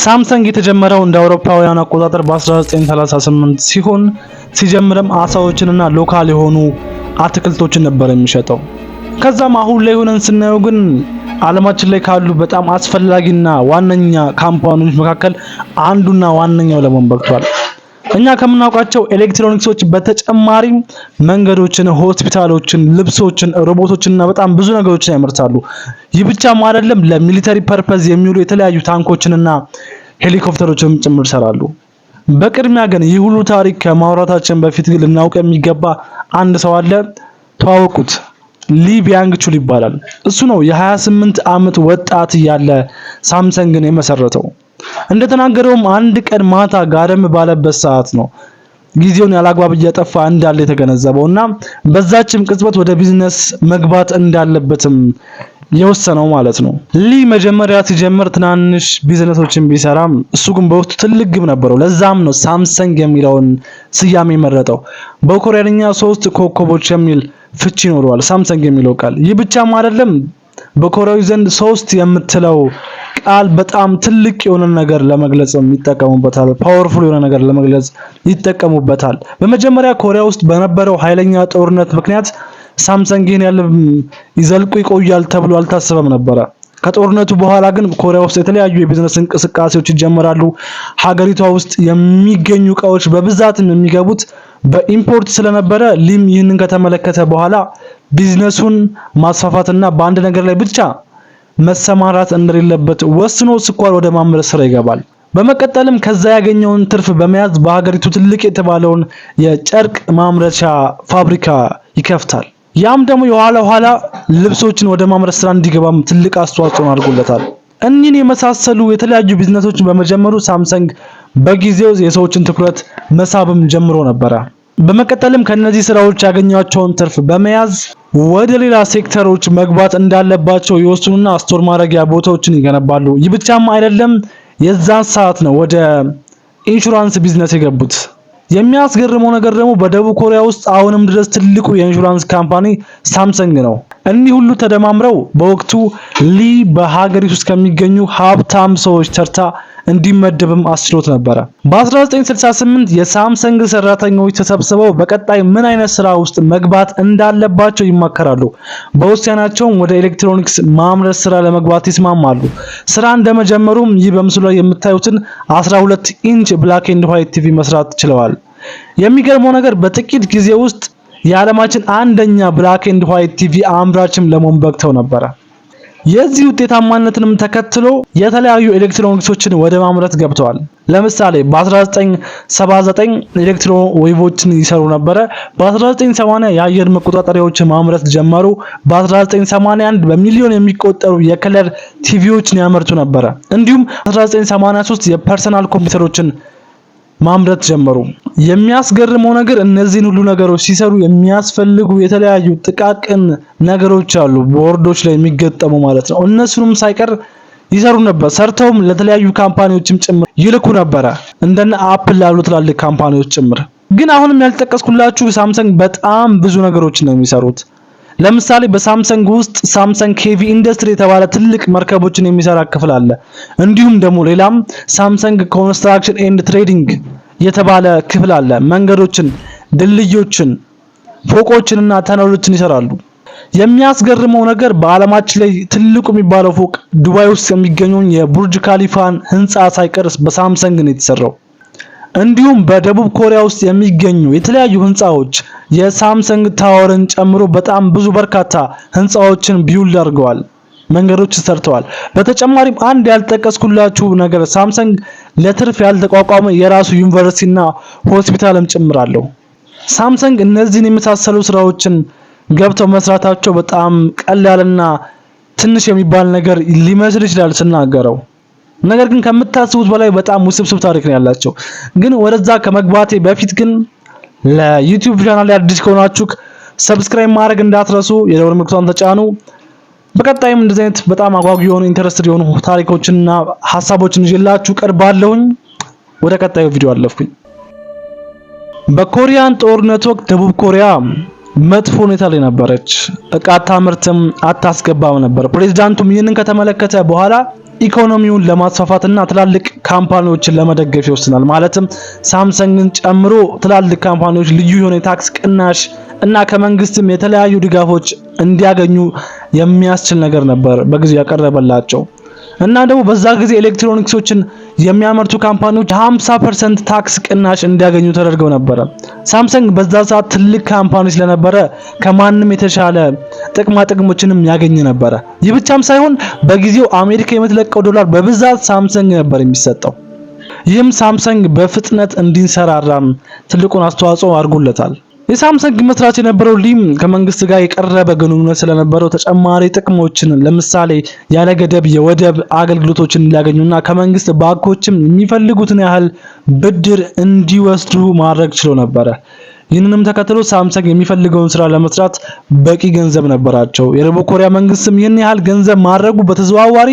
ሳምሰንግ የተጀመረው እንደ አውሮፓውያን አቆጣጠር በ1938 ሲሆን ሲጀምርም አሳዎችንና ሎካል የሆኑ አትክልቶችን ነበር የሚሸጠው። ከዛም አሁን ላይ ሆነን ስናየው ግን ዓለማችን ላይ ካሉ በጣም አስፈላጊና ዋነኛ ካምፓኒዎች መካከል አንዱና ዋነኛው ለመሆን በቅቷል። እኛ ከምናውቃቸው ኤሌክትሮኒክሶች በተጨማሪም መንገዶችን፣ ሆስፒታሎችን፣ ልብሶችን፣ ሮቦቶችንና በጣም ብዙ ነገሮችን ያመርታሉ። ይህ ብቻም አይደለም፣ ለሚሊተሪ ፐርፐዝ የሚውሉ የተለያዩ ታንኮችንና ሄሊኮፕተሮችን ጭምር ይሰራሉ። በቅድሚያ ግን ይህ ሁሉ ታሪክ ከማውራታችን በፊት ልናውቅ የሚገባ አንድ ሰው አለ። ተዋወቁት። ሊ ቢያንግ ቹል ይባላል። እሱ ነው የ28 ዓመት ወጣት ያለ ሳምሰንግን የመሰረተው። እንደተናገረውም አንድ ቀን ማታ ጋርም ባለበት ሰዓት ነው ጊዜውን ያላግባብ እያጠፋ እንዳለ የተገነዘበው እና በዛችም ቅጽበት ወደ ቢዝነስ መግባት እንዳለበትም የወሰነው ማለት ነው። ሊ መጀመሪያ ሲጀምር ትናንሽ ቢዝነሶችን ቢሰራም እሱ ግን በውስጡ ትልቅ ግብ ነበረው። ለዛም ነው ሳምሰንግ የሚለውን ስያሜ መረጠው። በኮሪያኛ ሶስት ኮከቦች የሚል ፍቺ ይኖረዋል ሳምሰንግ የሚለው ቃል። ይህ ብቻም አይደለም፣ በኮሪያዊ ዘንድ ሶስት የምትለው ቃል በጣም ትልቅ የሆነ ነገር ለመግለጽ ይጠቀሙበታል። ፓወርፉል የሆነ ነገር ለመግለጽ ይጠቀሙበታል። በመጀመሪያ ኮሪያ ውስጥ በነበረው ኃይለኛ ጦርነት ምክንያት ሳምሰንግ ይህን ያለ ይዘልቁ ይቆያል ተብሎ አልታሰበም ነበረ። ከጦርነቱ በኋላ ግን ኮሪያ ውስጥ የተለያዩ የቢዝነስ እንቅስቃሴዎች ይጀመራሉ። ሀገሪቷ ውስጥ የሚገኙ እቃዎች በብዛትም የሚገቡት በኢምፖርት ስለነበረ ሊም ይህንን ከተመለከተ በኋላ ቢዝነሱን ማስፋፋትና በአንድ ነገር ላይ ብቻ መሰማራት እንደሌለበት ወስኖ ስኳር ወደ ማምረት ስራ ይገባል። በመቀጠልም ከዛ ያገኘውን ትርፍ በመያዝ በሀገሪቱ ትልቅ የተባለውን የጨርቅ ማምረቻ ፋብሪካ ይከፍታል። ያም ደግሞ የኋላ ኋላ ልብሶችን ወደ ማምረት ስራ እንዲገባም ትልቅ አስተዋጽኦን አድርጎለታል። እኒህን የመሳሰሉ የተለያዩ ቢዝነሶችን በመጀመሩ ሳምሰንግ በጊዜው የሰዎችን ትኩረት መሳብም ጀምሮ ነበረ። በመቀጠልም ከነዚህ ስራዎች ያገኟቸውን ትርፍ በመያዝ ወደ ሌላ ሴክተሮች መግባት እንዳለባቸው ይወስኑና ስቶር ማድረጊያ ቦታዎችን ይገነባሉ። ይህ ብቻም አይደለም፣ የዛን ሰዓት ነው ወደ ኢንሹራንስ ቢዝነስ የገቡት። የሚያስገርመው ነገር ደግሞ በደቡብ ኮሪያ ውስጥ አሁንም ድረስ ትልቁ የኢንሹራንስ ካምፓኒ ሳምሰንግ ነው። እኒህ ሁሉ ተደማምረው በወቅቱ ሊ በሀገሪቱ ውስጥ ከሚገኙ ሀብታም ሰዎች ተርታ እንዲመደብም አስችሎት ነበረ። በ1968 የሳምሰንግ ሰራተኞች ተሰብስበው በቀጣይ ምን አይነት ስራ ውስጥ መግባት እንዳለባቸው ይማከራሉ። በውሳኔያቸውም ወደ ኤሌክትሮኒክስ ማምረት ስራ ለመግባት ይስማማሉ። ስራ እንደመጀመሩም ይህ በምስሉ ላይ የምታዩትን 12 ኢንች ብላክ ኤንድ ዋይት ቲቪ መስራት ችለዋል። የሚገርመው ነገር በጥቂት ጊዜ ውስጥ የዓለማችን አንደኛ ብላክ ኤንድ ዋይት ቲቪ አምራችም ለመሆን በቅተው ነበረ። የዚህ ውጤታማነትንም ተከትሎ የተለያዩ ኤሌክትሮኒክሶችን ወደ ማምረት ገብተዋል። ለምሳሌ በ1979 ኤሌክትሮ ዌቮችን ይሰሩ ነበረ። በ1980 የአየር መቆጣጠሪያዎችን ማምረት ጀመሩ። በ1981 በሚሊዮን የሚቆጠሩ የከለር ቲቪዎችን ያመርቱ ነበረ። እንዲሁም 1983 የፐርሰናል ኮምፒውተሮችን ማምረት ጀመሩ። የሚያስገርመው ነገር እነዚህን ሁሉ ነገሮች ሲሰሩ የሚያስፈልጉ የተለያዩ ጥቃቅን ነገሮች አሉ፣ ቦርዶች ላይ የሚገጠሙ ማለት ነው። እነሱንም ሳይቀር ይሰሩ ነበር። ሰርተውም ለተለያዩ ካምፓኒዎችም ጭምር ይልኩ ነበረ፣ እንደነ አፕል ላሉ ትላልቅ ካምፓኒዎች ጭምር። ግን አሁንም ያልጠቀስኩላችሁ ሳምሰንግ በጣም ብዙ ነገሮች ነው የሚሰሩት። ለምሳሌ በሳምሰንግ ውስጥ ሳምሰንግ ኬቪ ኢንዱስትሪ የተባለ ትልቅ መርከቦችን የሚሰራ ክፍል አለ። እንዲሁም ደግሞ ሌላም ሳምሰንግ ኮንስትራክሽን ኤንድ ትሬዲንግ የተባለ ክፍል አለ። መንገዶችን፣ ድልድዮችን፣ ፎቆችንና ተነሎችን ይሰራሉ። የሚያስገርመው ነገር በዓለማችን ላይ ትልቁ የሚባለው ፎቅ ዱባይ ውስጥ የሚገኘውን የቡርጅ ካሊፋን ህንፃ ሳይቀርስ በሳምሰንግ ነው የተሰራው። እንዲሁም በደቡብ ኮሪያ ውስጥ የሚገኙ የተለያዩ ህንፃዎች የሳምሰንግ ታወርን ጨምሮ በጣም ብዙ በርካታ ህንፃዎችን ቢውል አድርገዋል። መንገዶች ሰርተዋል። በተጨማሪም አንድ ያልጠቀስኩላችሁ ነገር ሳምሰንግ ለትርፍ ያልተቋቋመ የራሱ ዩኒቨርሲቲና ሆስፒታልም ጭምራለሁ። ሳምሰንግ እነዚህን የመሳሰሉ ስራዎችን ገብተው መስራታቸው በጣም ቀላልና ትንሽ የሚባል ነገር ሊመስል ይችላል ስናገረው ነገር ግን ከምታስቡት በላይ በጣም ውስብስብ ታሪክ ነው ያላቸው። ግን ወደዛ ከመግባቴ በፊት ግን ለዩቲዩብ ቻናል አዲስ ከሆናችሁ ሰብስክራይብ ማድረግ እንዳትረሱ፣ የደወል ምልክቷን ተጫኑ። በቀጣይም እንደዚህ አይነት በጣም አጓጊ የሆኑ ኢንተረስትድ የሆኑ ታሪኮችንና ሀሳቦችን ይዤላችሁ ቀርባለሁኝ። ወደ ቀጣዩ ቪዲዮ አለፍኩኝ። በኮሪያን ጦርነት ወቅት ደቡብ ኮሪያ መጥፎ ሁኔታ ላይ ነበረች። እቃ አታምርትም፣ አታስገባም ነበር። ፕሬዚዳንቱም ይህንን ከተመለከተ በኋላ ኢኮኖሚውን ለማስፋፋትና ትላልቅ ካምፓኒዎችን ለመደገፍ ይወስናል። ማለትም ሳምሰንግን ጨምሮ ትላልቅ ካምፓኒዎች ልዩ የሆነ የታክስ ቅናሽ እና ከመንግስትም የተለያዩ ድጋፎች እንዲያገኙ የሚያስችል ነገር ነበር በጊዜው ያቀረበላቸው። እና ደግሞ በዛ ጊዜ ኤሌክትሮኒክሶችን የሚያመርቱ ካምፓኒዎች 50% ታክስ ቅናሽ እንዲያገኙ ተደርገው ነበረ። ሳምሰንግ በዛ ሰዓት ትልቅ ካምፓኒ ስለነበረ ከማንም የተሻለ ጥቅማ ጥቅሞችንም ያገኝ ነበረ። ይህ ብቻም ሳይሆን በጊዜው አሜሪካ የምትለቀው ዶላር በብዛት ሳምሰንግ ነበር የሚሰጠው። ይህም ሳምሰንግ በፍጥነት እንዲንሰራራም ትልቁን አስተዋጽኦ አድርጎለታል። የሳምሰንግ መስራች የነበረው ሊም ከመንግስት ጋር የቀረበ ግንኙነት ስለነበረው ተጨማሪ ጥቅሞችን ለምሳሌ ያለ ገደብ የወደብ አገልግሎቶችን እንዲያገኙና ከመንግስት ባንኮችም የሚፈልጉትን ያህል ብድር እንዲወስዱ ማድረግ ችሎ ነበረ። ይህንንም ተከትሎ ሳምሰንግ የሚፈልገውን ስራ ለመስራት በቂ ገንዘብ ነበራቸው። የደቡብ ኮሪያ መንግስትም ይህን ያህል ገንዘብ ማድረጉ በተዘዋዋሪ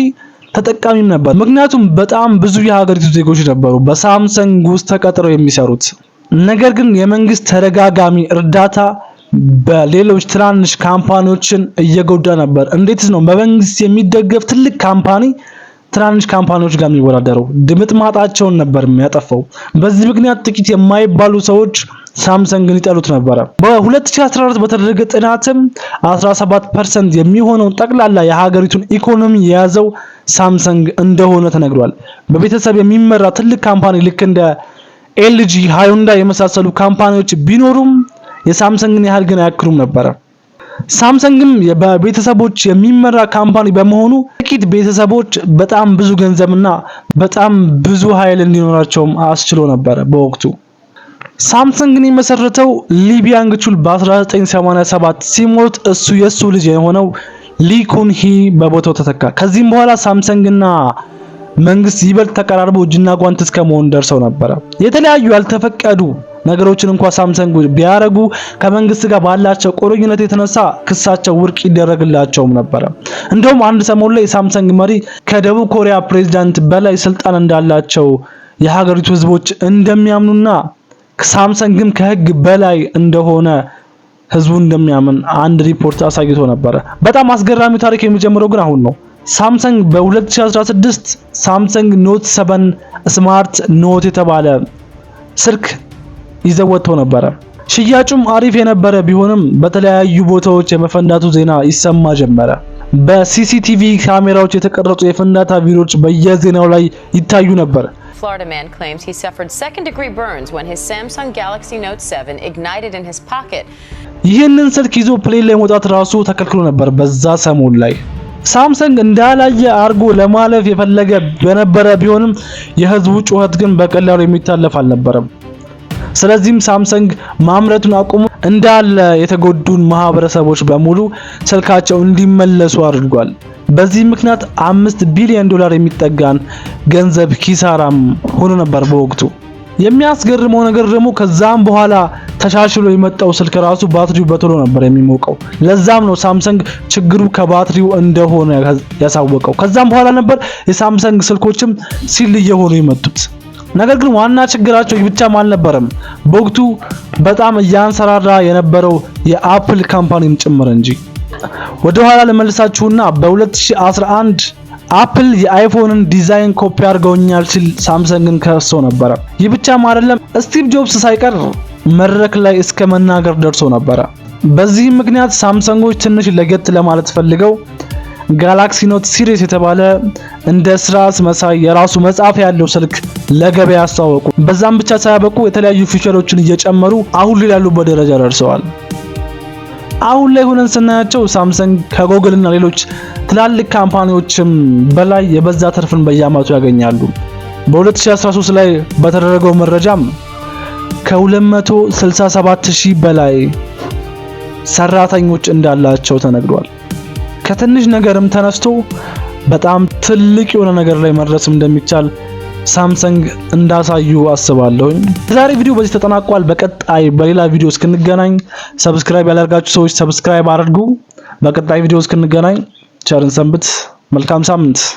ተጠቃሚም ነበር። ምክንያቱም በጣም ብዙ የሀገሪቱ ዜጎች ነበሩ በሳምሰንግ ውስጥ ተቀጥረው የሚሰሩት። ነገር ግን የመንግስት ተደጋጋሚ እርዳታ በሌሎች ትናንሽ ካምፓኒዎችን እየጎዳ ነበር። እንዴትስ ነው በመንግስት የሚደገፍ ትልቅ ካምፓኒ ትናንሽ ካምፓኒዎች ጋር የሚወዳደረው? ማጣቸውን ነበር የሚያጠፋው። በዚህ ምክንያት ጥቂት የማይባሉ ሰዎች ሳምሰንግን ይጠሉት ነበረ። በ2014 በተደረገ ጥናትም 17% የሚሆነው ጠቅላላ የሀገሪቱን ኢኮኖሚ የያዘው ሳምሰንግ እንደሆነ ተነግሯል። በቤተሰብ የሚመራ ትልቅ ካምፓኒ ልክ እንደ ኤልጂ ሃዩንዳይ የመሳሰሉ ካምፓኒዎች ቢኖሩም የሳምሰንግን ያህል ግን አያክሉም ነበረ። ሳምሰንግም በቤተሰቦች የሚመራ ካምፓኒ በመሆኑ ጥቂት ቤተሰቦች በጣም ብዙ ገንዘብና በጣም ብዙ ኃይል እንዲኖራቸውም አስችሎ ነበረ። በወቅቱ ሳምሰንግን የመሰረተው ሊቢያንግ ቹል በ1987 ሲሞት እሱ የሱ ልጅ የሆነው ሊኩንሂ በቦታው ተተካ። ከዚህም በኋላ ሳምሰንግና መንግስት ይበልጥ ተቀራርበው እጅና ጓንት እስከ መሆን ደርሰው ነበረ። የተለያዩ ያልተፈቀዱ ነገሮችን እንኳን ሳምሰንግ ቢያረጉ ከመንግስት ጋር ባላቸው ቁርኝነት የተነሳ ክሳቸው ውድቅ ይደረግላቸውም ነበረ። እንደውም አንድ ሰሞን ላይ የሳምሰንግ መሪ ከደቡብ ኮሪያ ፕሬዝዳንት በላይ ስልጣን እንዳላቸው የሀገሪቱ ህዝቦች እንደሚያምኑና ሳምሰንግም ከህግ በላይ እንደሆነ ህዝቡ እንደሚያምን አንድ ሪፖርት አሳይቶ ነበረ። በጣም አስገራሚ ታሪክ የሚጀምረው ግን አሁን ነው። ሳምሰንግ በ2016 ሳምሰንግ ኖት 7 ስማርት ኖት የተባለ ስልክ ይዘው ወጥቶ ነበረ። ሽያጩም አሪፍ የነበረ ቢሆንም በተለያዩ ቦታዎች የመፈንዳቱ ዜና ይሰማ ጀመረ። በሲሲቲቪ ካሜራዎች የተቀረጹ የፍንዳታ ቪዲዮዎች በየዜናው ላይ ይታዩ ነበር። Florida man claims he suffered second-degree burns when his Samsung Galaxy Note 7 ignited in his pocket. ይህንን ስልክ ይዞ ፕሌን ላይ መውጣት ራሱ ተከልክሎ ነበር በዛ ሰሞን ላይ ሳምሰንግ እንዳላየ አርጎ ለማለፍ የፈለገ በነበረ ቢሆንም የህዝቡ ጩኸት ግን በቀላሉ የሚታለፍ አልነበረም። ስለዚህም ሳምሰንግ ማምረቱን አቁሞ እንዳለ የተጎዱን ማህበረሰቦች በሙሉ ስልካቸው እንዲመለሱ አድርጓል። በዚህ ምክንያት አምስት ቢሊዮን ዶላር የሚጠጋን ገንዘብ ኪሳራም ሆኖ ነበር በወቅቱ። የሚያስገርመው ነገር ደግሞ ከዛም በኋላ ተሻሽሎ የመጣው ስልክ ራሱ ባትሪው በቶሎ ነበር የሚሞቀው። ለዛም ነው ሳምሰንግ ችግሩ ከባትሪው እንደሆነ ያሳወቀው። ከዛም በኋላ ነበር የሳምሰንግ ስልኮችም ሲል እየሆኑ የመጡት። ነገር ግን ዋና ችግራቸው ብቻም አልነበረም፣ በወቅቱ በጣም እያንሰራራ የነበረው የአፕል ካምፓኒም ጭምር እንጂ። ወደ ኋላ ለመልሳችሁና በ2011 አፕል የአይፎንን ዲዛይን ኮፒ አድርገውኛል ሲል ሳምሰንግን ከሰው ነበረ። ይህ ብቻም አይደለም፣ ስቲቭ ጆብስ ሳይቀር መድረክ ላይ እስከ መናገር ደርሶ ነበረ። በዚህም ምክንያት ሳምሰንጎች ትንሽ ለየት ለማለት ፈልገው ጋላክሲ ኖት ሲሪስ የተባለ እንደ ስራስ መሳይ የራሱ መጽሐፍ ያለው ስልክ ለገበያ ያስተዋወቁ። በዛም ብቻ ሳያበቁ የተለያዩ ፊቸሮችን እየጨመሩ አሁን ላይ ያሉበት ደረጃ ደርሰዋል። አሁን ላይ ሆነን ስናያቸው ሳምሰንግ ከጎግል እና ሌሎች ትላልቅ ካምፓኒዎችም በላይ የበዛ ትርፍን በየዓመቱ ያገኛሉ። በ2013 ላይ በተደረገው መረጃም ከ267000 በላይ ሰራተኞች እንዳላቸው ተነግሯል። ከትንሽ ነገርም ተነስቶ በጣም ትልቅ የሆነ ነገር ላይ መድረስም እንደሚቻል ሳምሰንግ እንዳሳዩ አስባለሁኝ። የዛሬ ቪዲዮ በዚህ ተጠናቋል። በቀጣይ በሌላ ቪዲዮ እስክንገናኝ ሰብስክራይብ ያላደርጋችሁ ሰዎች ሰብስክራይብ አድርጉ። በቀጣይ ቪዲዮ እስክንገናኝ ቸርን ሰንብት። መልካም ሳምንት